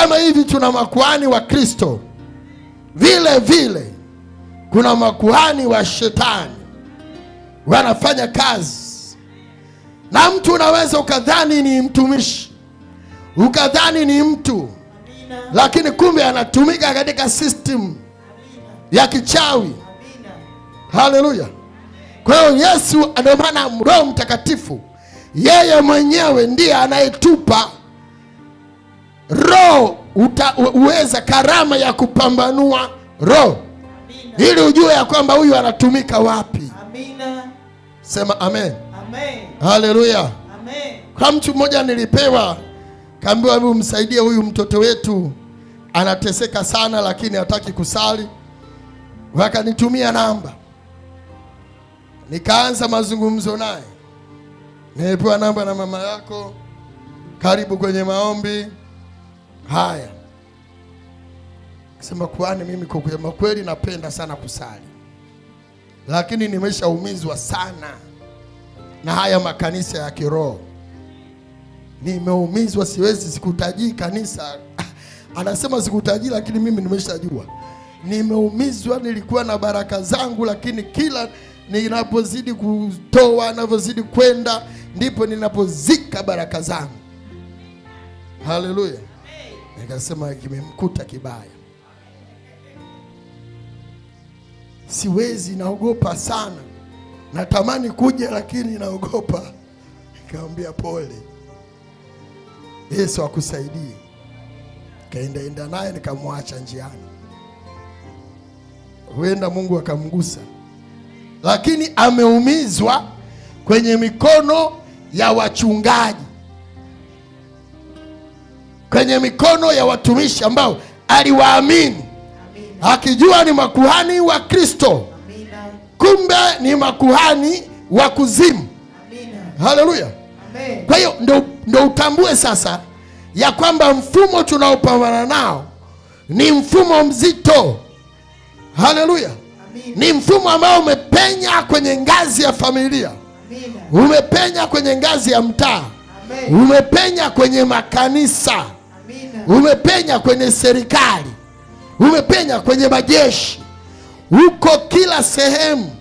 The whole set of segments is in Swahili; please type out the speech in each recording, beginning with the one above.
Kama hivi tuna makuhani wa Kristo, vile vile kuna makuhani wa Shetani wanafanya kazi, na mtu unaweza ukadhani ni mtumishi, ukadhani ni mtu, lakini kumbe anatumika katika system ya kichawi. Haleluya! Kwa hiyo Yesu, ndio maana Roho Mtakatifu yeye mwenyewe ndiye anayetupa roho utaweza karama ya kupambanua roho ili ujue ya kwamba huyu anatumika wapi. Amina. Sema amen, amen. Haleluya, amen. Kwa mtu mmoja nilipewa, kaambiwa hebu msaidie huyu mtoto wetu anateseka sana, lakini hataki kusali. Wakanitumia namba, nikaanza mazungumzo naye. Nilipewa namba na mama yako, karibu kwenye maombi Haya, sema kwani mimi kusema kweli napenda sana kusali, lakini nimeshaumizwa sana na haya makanisa ya kiroho. Nimeumizwa, siwezi, sikutajii kanisa anasema sikutajii, lakini mimi nimeshajua nimeumizwa. Nilikuwa na baraka zangu, lakini kila ninapozidi kutoa, ninavyozidi kwenda, ndipo ninapozika baraka zangu. Haleluya! nikasema kimemkuta kibaya, siwezi, naogopa sana, natamani kuja lakini naogopa. Nikamwambia pole, Yesu akusaidie. Kaendaenda naye nikamwacha njiani, huenda Mungu akamgusa, lakini ameumizwa kwenye mikono ya wachungaji kwenye mikono ya watumishi ambao aliwaamini, akijua ni makuhani wa Kristo, kumbe ni makuhani wa kuzimu. Haleluya! Kwa hiyo ndo, ndo utambue sasa ya kwamba mfumo tunaopambana nao ni mfumo mzito. Haleluya! ni mfumo ambao umepenya kwenye ngazi ya familia Amina. Umepenya kwenye ngazi ya mtaa, umepenya kwenye makanisa umepenya kwenye serikali, umepenya kwenye majeshi, uko kila sehemu.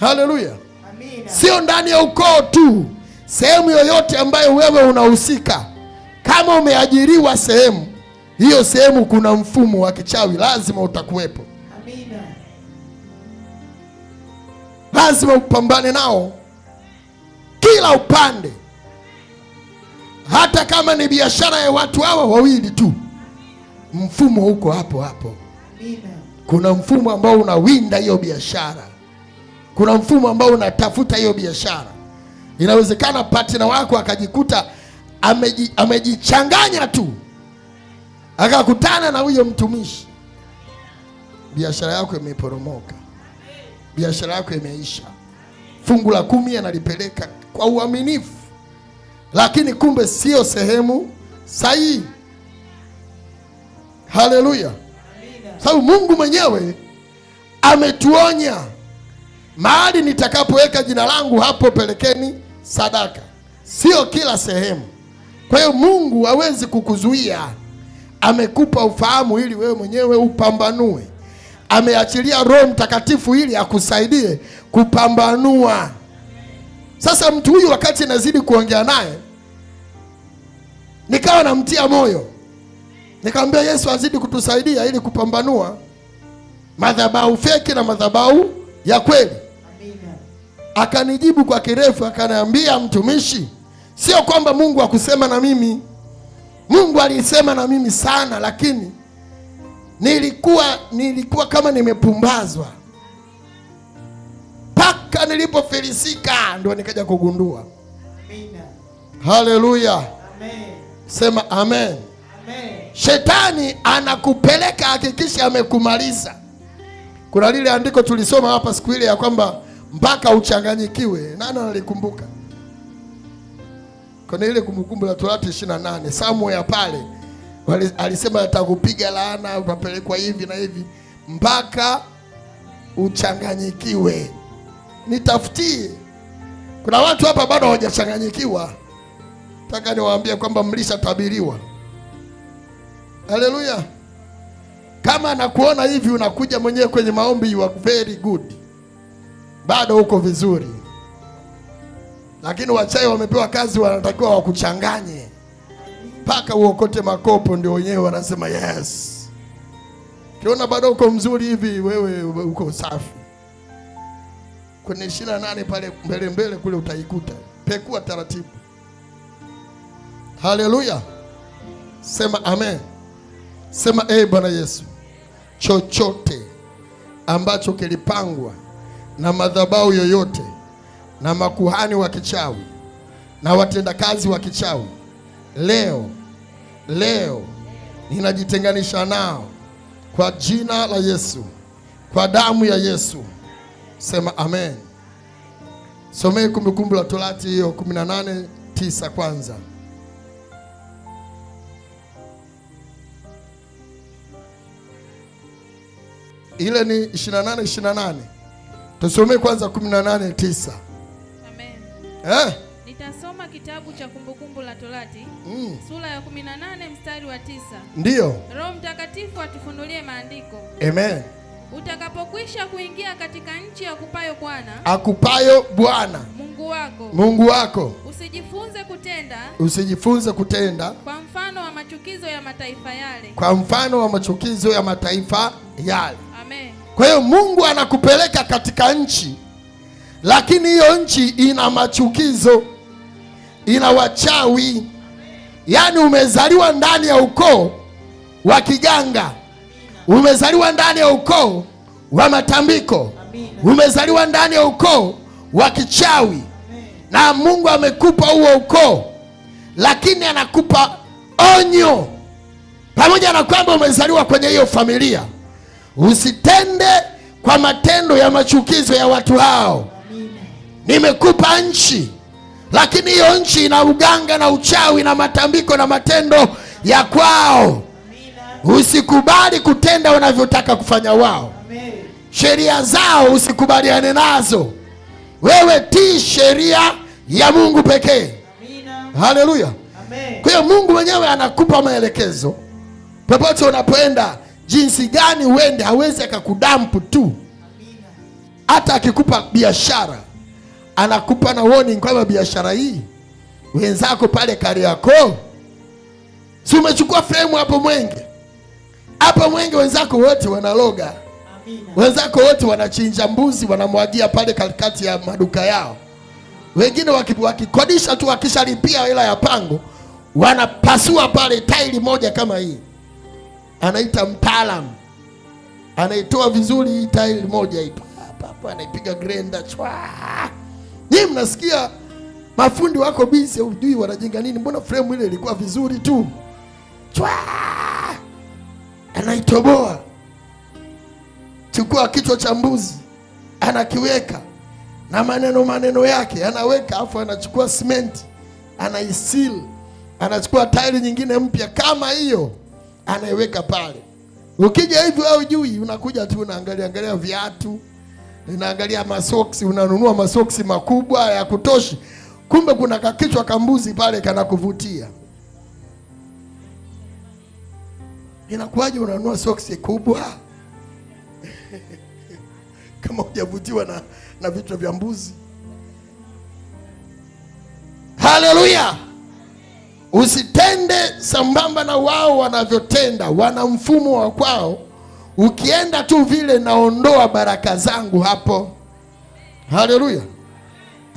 Haleluya, amina. Sio ndani ya ukoo tu, sehemu yoyote ambayo wewe unahusika. Kama umeajiriwa sehemu hiyo, sehemu kuna mfumo wa kichawi, lazima utakuwepo, amina. Lazima upambane nao kila upande hata kama ni biashara ya watu hawa wawili tu, mfumo huko hapo hapo. Kuna mfumo ambao unawinda hiyo biashara, kuna mfumo ambao unatafuta hiyo biashara. Inawezekana partner wako akajikuta ameji, amejichanganya tu akakutana na huyo mtumishi, biashara yako imeporomoka, biashara yako imeisha. Fungu la kumi analipeleka kwa uaminifu lakini kumbe sio sehemu sahihi. Haleluya! Sababu Mungu mwenyewe ametuonya, mahali nitakapoweka jina langu, hapo pelekeni sadaka. Sio kila sehemu. Kwa hiyo Mungu hawezi kukuzuia, amekupa ufahamu ili wewe mwenyewe upambanue. Ameachilia Roho Mtakatifu ili akusaidie kupambanua. Sasa mtu huyu wakati nazidi kuongea naye, nikawa namtia moyo, nikamwambia Yesu azidi kutusaidia ili kupambanua madhabahu feki na madhabahu ya kweli. Akanijibu kwa kirefu, akaniambia mtumishi, sio kwamba Mungu akusema na mimi. Mungu alisema na mimi sana, lakini nilikuwa nilikuwa kama nimepumbazwa nilipofilisika ndio nikaja kugundua. haleluya, Sema amen, amen. Shetani anakupeleka hakikisha amekumaliza. Kuna lile andiko tulisoma hapa siku ile ya kwamba mpaka uchanganyikiwe. Nani analikumbuka? Kuna ile Kumbukumbu la Torati 28 Samuel pale alisema atakupiga laana, utapelekwa hivi na hivi mpaka uchanganyikiwe nitafutie. Kuna watu hapa bado hawajachanganyikiwa, nataka niwaambie kwamba mlishatabiriwa. Haleluya! Kama nakuona hivi unakuja mwenyewe kwenye maombi, you are very good, bado uko vizuri, lakini wachai wamepewa kazi, wanatakiwa wakuchanganye mpaka uokote makopo, ndio wenyewe wanasema yes. kiona bado uko mzuri hivi, wewe uko safi kwenye ishirini na nane pale mbele mbele kule utaikuta. Pekua taratibu. Haleluya, sema amen, sema ee Bwana Yesu, chochote ambacho kilipangwa na madhabahu yoyote na makuhani wa kichawi na watendakazi wa kichawi, leo leo ninajitenganisha nao kwa jina la Yesu, kwa damu ya Yesu. Sema amen. Somee Kumbukumbu la Torati hiyo 18 tisa kwanza. Ile ni 28 28. Tusomee kwanza 189 9. Amen. Eh? Nitasoma kitabu cha Kumbukumbu la Torati mm. sura ya 18 mstari wa tisa. Ndiyo. Roho Mtakatifu atufunulie maandiko. Amen. Utakapokwisha kuingia katika nchi akupayo Bwana akupayo Bwana Mungu wako, Mungu wako, usijifunze kutenda usijifunze kutenda kwa mfano wa machukizo ya mataifa yale, kwa mfano wa machukizo ya mataifa yale. Kwa hiyo Mungu anakupeleka katika nchi, lakini hiyo nchi ina machukizo, ina wachawi, yaani umezaliwa ndani ya ukoo wa kiganga Umezaliwa ndani ya ukoo wa matambiko, umezaliwa ndani ya ukoo wa kichawi, na Mungu amekupa huo ukoo, lakini anakupa onyo, pamoja na kwamba umezaliwa kwenye hiyo familia, usitende kwa matendo ya machukizo ya watu hao. Nimekupa nchi, lakini hiyo nchi ina uganga na uchawi na matambiko na matendo ya kwao. Usikubali kutenda wanavyotaka kufanya wao. Amen. Sheria zao usikubaliane nazo, wewe tii sheria ya Mungu pekee. Haleluya! Kwa hiyo Mungu mwenyewe anakupa maelekezo popote unapoenda, jinsi gani uende. Hawezi akakudampu tu, hata akikupa biashara anakupa na warning kwamba biashara hii wenzako pale Kariakoo, si umechukua fremu hapo Mwenge hapa Mwenge wenzako wote wanaloga, wenzako wote wanachinja mbuzi, wanamwagia pale katikati ya maduka yao. Wengine wakikodisha tu, wakishalipia hela ya pango wanapasua pale taili moja kama hii, anaita mtaalamu anaitoa vizuri hii taili moja hii hapo, anaipiga grenda chwa. Nyinyi mnasikia mafundi wako busy, hujui wanajenga nini? Mbona frame ile ilikuwa vizuri tu chwa anaitoboa. Chukua kichwa cha mbuzi, anakiweka na maneno maneno yake anaweka, afu anachukua simenti anaisil, anachukua tairi nyingine mpya kama hiyo anaiweka pale. Ukija hivi au jui, unakuja tu unaangalia angalia viatu, unaangalia masoksi, unanunua masoksi makubwa ya kutoshi, kumbe kuna kakichwa kambuzi pale kanakuvutia. Inakuwaje unanunua soksi kubwa kama hujavutiwa na, na vichwa vya mbuzi? Haleluya! Usitende sambamba na wao wanavyotenda, wana mfumo wa kwao. Ukienda tu vile, naondoa baraka zangu hapo. Haleluya!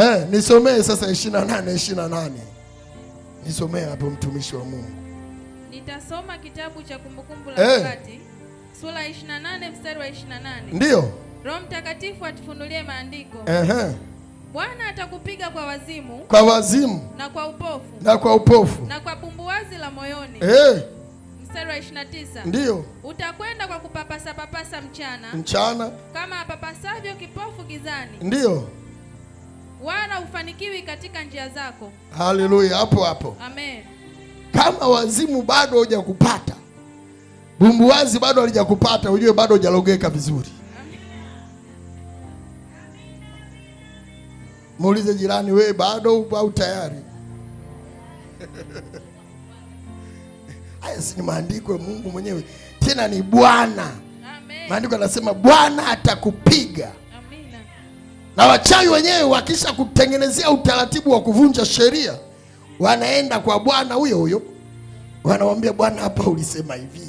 Eh, nisomee sasa 28 28, nisomee hapo mtumishi wa Mungu. Nitasoma kitabu cha kumbukumbu la Torati eh. hey, sura 28 mstari wa 28. Ndio. Roho Mtakatifu atufunulie maandiko. Ehe. Bwana atakupiga kwa wazimu, kwa wazimu na kwa upofu, na kwa upofu na kwa pumbuazi la moyoni. Eh. Mstari wa 29. Ndio. Utakwenda kwa kupapasa papasa mchana, mchana kama apapasavyo kipofu gizani. Ndio. Wala ufanikiwi katika njia zako. Haleluya, hapo hapo. Amen. Kama wazimu bado hujakupata, bumbuwazi bado halijakupata, ujue bado hujalogeka vizuri. Muulize jirani, we bado upo au tayari? Haya si ni maandiko ya Mungu mwenyewe, tena ni Bwana. Maandiko anasema Bwana atakupiga. Na wachawi wenyewe wakisha kutengenezea utaratibu wa kuvunja sheria wanaenda kwa bwana huyo huyo, wanamwambia bwana, hapa ulisema hivi,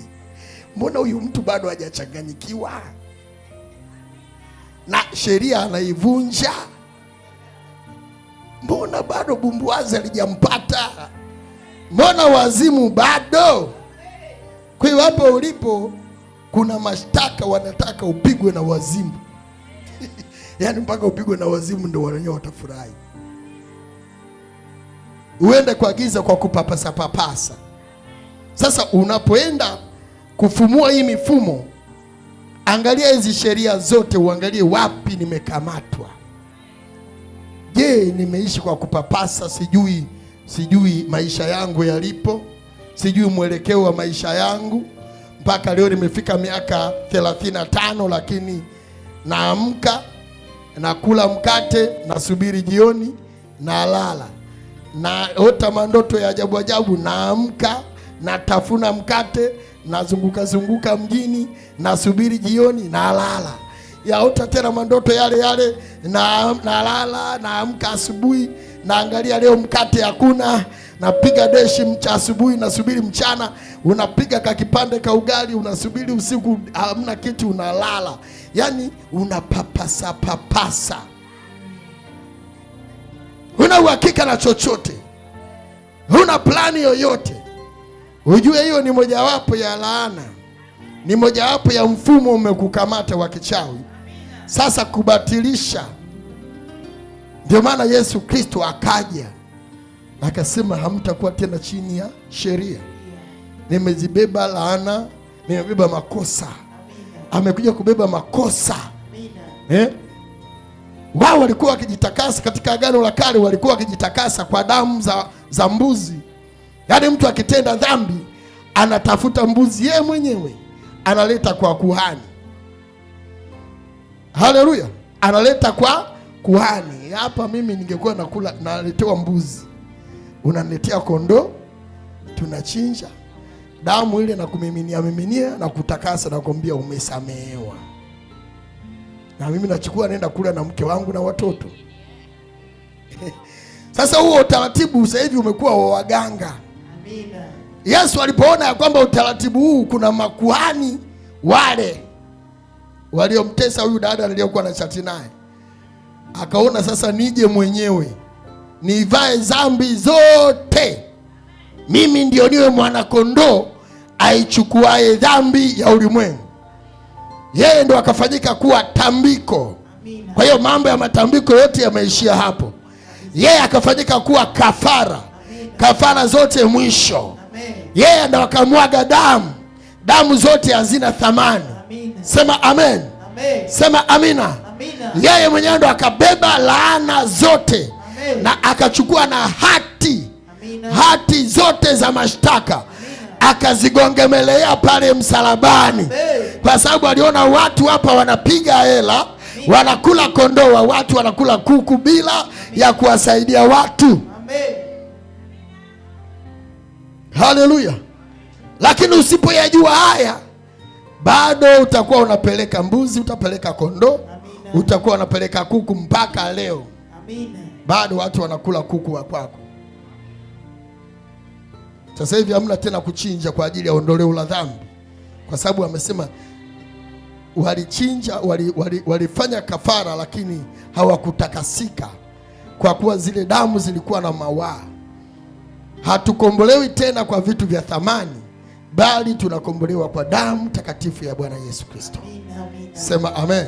mbona huyu mtu bado hajachanganyikiwa na sheria anaivunja? Mbona bado bumbuazi alijampata? Mbona wazimu bado? Kwa hiyo hapo ulipo kuna mashtaka wanataka upigwe na wazimu yaani mpaka upigwe na wazimu ndio wananyewe watafurahi uende kwa giza kwa kupapasa papasa. Sasa unapoenda kufumua hii mifumo, angalia hizi sheria zote, uangalie wapi nimekamatwa. Je, nimeishi kwa kupapasa? Sijui, sijui maisha yangu yalipo, sijui mwelekeo wa maisha yangu mpaka leo nimefika miaka 35, lakini naamka nakula mkate nasubiri jioni nalala hota mandoto ya ajabu ajabu, naamka natafuna mkate, nazunguka zunguka mjini, nasubiri jioni, nalala. Yaota tena mandoto yale yale, na nalala, naamka asubuhi, naangalia leo mkate hakuna, napiga deshi mcha asubuhi, nasubiri mchana, unapiga ka kipande ka ugali, unasubiri usiku, hamna kitu, unalala. Yani unapapasa papasa huna uhakika na chochote, huna plani yoyote, ujue hiyo ni mojawapo ya laana, ni mojawapo ya mfumo umekukamata wa kichawi, sasa kubatilisha. Ndio maana Yesu Kristo akaja akasema, hamtakuwa tena chini ya sheria. Nimezibeba laana, nimebeba makosa. Amekuja kubeba makosa eh? wao walikuwa wakijitakasa katika Agano la Kale, walikuwa wakijitakasa kwa damu za, za mbuzi. Yaani mtu akitenda dhambi anatafuta mbuzi yeye mwenyewe analeta kwa kuhani. Haleluya, analeta kwa kuhani. Hapa mimi ningekuwa nakula, naletewa mbuzi, unaniletea kondoo, tunachinja, damu ile kumiminia miminia na kutakasa, nakwambia umesamehewa na mimi nachukua naenda kula na mke wangu na watoto Sasa huo utaratibu sasa hivi umekuwa wa waganga. Amina. Yesu alipoona ya kwamba utaratibu huu kuna makuhani wale waliomtesa huyu dada aliyokuwa na chati naye, akaona sasa nije mwenyewe nivae dhambi zote, mimi ndio niwe mwanakondoo aichukuaye dhambi ya ulimwengu yeye ndo akafanyika kuwa tambiko. Kwa hiyo mambo ya matambiko yote yameishia hapo. Yeye akafanyika kuwa kafara, kafara zote mwisho. Yeye ndo akamwaga damu, damu zote hazina thamani. Sema amen, sema amina. Yeye mwenyewe ndo akabeba laana zote na akachukua na hati hati zote za mashtaka akazigongemelea pale msalabani kwa sababu aliona watu hapa wanapiga hela, wanakula wa watu wanakula kuku bila ya kuwasaidia watu. Haleluya! Lakini usipoyajua haya, bado utakuwa unapeleka mbuzi, utapeleka kondoo, utakuwa unapeleka kuku. Mpaka leo bado watu wanakula kuku wa kwako. Sasa hivi hamna tena kuchinja kwa ajili ya ondoleo la dhambi, kwa sababu amesema walichinja walifanya wali, wali kafara lakini hawakutakasika kwa kuwa zile damu zilikuwa na mawaa. Hatukombolewi tena kwa vitu vya thamani, bali tunakombolewa kwa damu takatifu ya Bwana Yesu Kristo. Sema amen.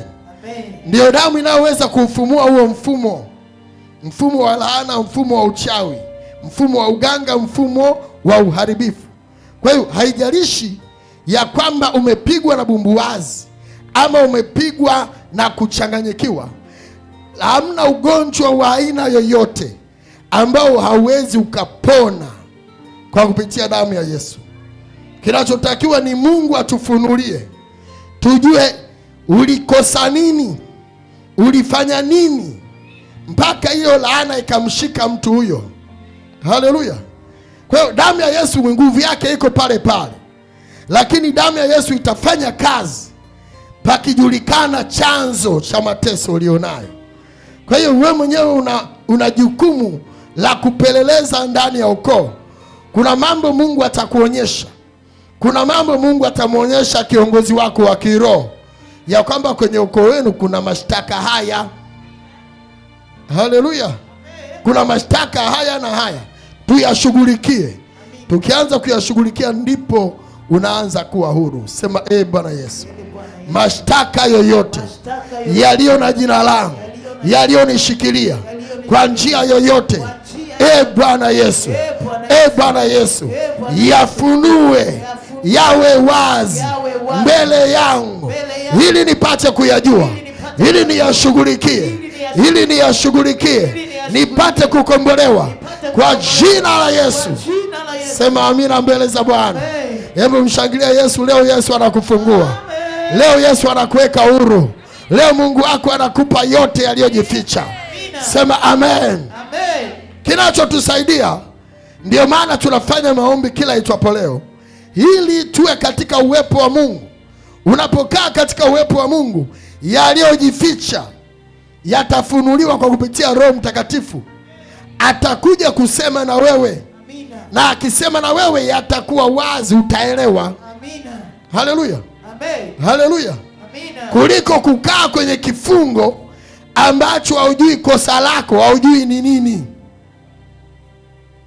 Ndiyo damu inayoweza kuufumua huo mfumo, mfumo wa laana, mfumo wa uchawi, mfumo wa uganga, mfumo wa uharibifu. Kwa hiyo haijalishi ya kwamba umepigwa na bumbuwazi ama umepigwa na kuchanganyikiwa, hamna ugonjwa wa aina yoyote ambao hauwezi ukapona kwa kupitia damu ya Yesu. Kinachotakiwa ni Mungu atufunulie, tujue ulikosa nini, ulifanya nini mpaka hiyo laana ikamshika mtu huyo. Haleluya! Kwa hiyo damu ya Yesu nguvu yake iko pale pale, lakini damu ya Yesu itafanya kazi pakijulikana chanzo cha mateso ulionayo. Kwa hiyo wewe mwenyewe una, una jukumu la kupeleleza ndani ya ukoo. Kuna mambo Mungu atakuonyesha, kuna mambo Mungu atamwonyesha kiongozi wako wa kiroho ya kwamba kwenye ukoo wenu kuna mashtaka haya. Haleluya! Kuna mashtaka haya na haya, tuyashughulikie. Tukianza kuyashughulikia, ndipo unaanza kuwa huru. Sema ee Bwana Yesu mashtaka yoyote yaliyo na jina langu yaliyonishikilia kwa njia yoyote, e Bwana Yesu, e Bwana Yesu, yafunue yawe wazi mbele yangu, ili nipate kuyajua, ili niyashughulikie, ili niyashughulikie, nipate kukombolewa kwa jina la Yesu. Sema amina mbele za Bwana. Hebu mshangilia Yesu leo. Yesu anakufungua. Leo Yesu anakuweka huru. Leo Mungu wako anakupa yote yaliyojificha. Sema amen, amen. Kinachotusaidia, ndiyo maana tunafanya maombi kila itwapo leo, ili tuwe katika uwepo wa Mungu. Unapokaa katika uwepo wa Mungu, yaliyojificha yatafunuliwa kwa kupitia Roho Mtakatifu. Atakuja kusema na wewe Amina. Na akisema na wewe yatakuwa wazi, utaelewa. Haleluya. Haleluya, kuliko kukaa kwenye kifungo ambacho haujui kosa lako, haujui ni nini.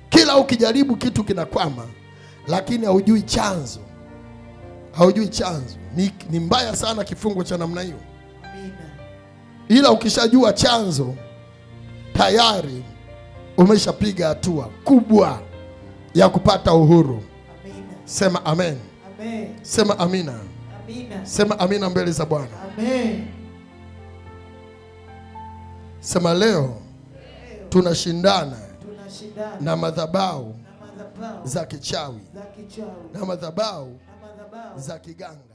Kila ukijaribu kitu kinakwama, lakini haujui chanzo, haujui chanzo. Ni, ni mbaya sana kifungo cha namna hiyo, ila ukishajua chanzo tayari umeshapiga hatua kubwa ya kupata uhuru. Amina. Sema amen. Amen. Sema amina. Amina. Sema amina mbele za Bwana. Amen. Sema leo, leo tunashindana, tuna na madhabahu za kichawi, za kichawi na madhabahu za kiganga.